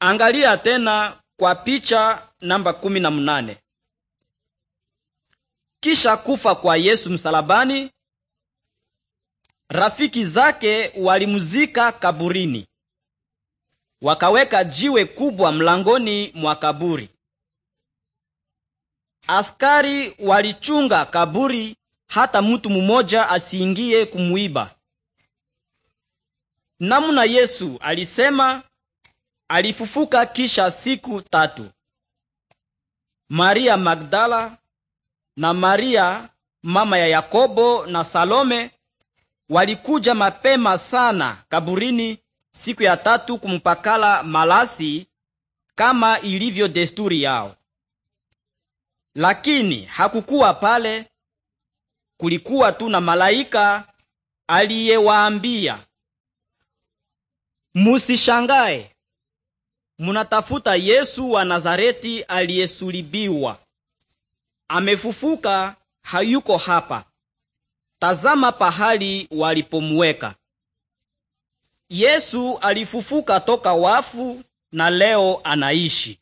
Angalia tena kwa picha namba kumi na mnane. Kisha kufa kwa Yesu msalabani, rafiki zake walimuzika kaburini, wakaweka jiwe kubwa mlangoni mwa kaburi. Askari walichunga kaburi hata mtu mmoja asiingie kumuiba. Namna Yesu alisema alifufuka kisha siku tatu. Maria Magdala na Maria mama ya Yakobo na Salome walikuja mapema sana kaburini siku ya tatu kumpakala malasi kama ilivyo desturi yao. Lakini hakukuwa pale, kulikuwa tu na malaika aliyewaambia, musishangae munatafuta Yesu wa Nazareti aliyesulibiwa. Amefufuka, hayuko hapa. Tazama pahali walipomweka. Yesu alifufuka toka wafu na leo anaishi.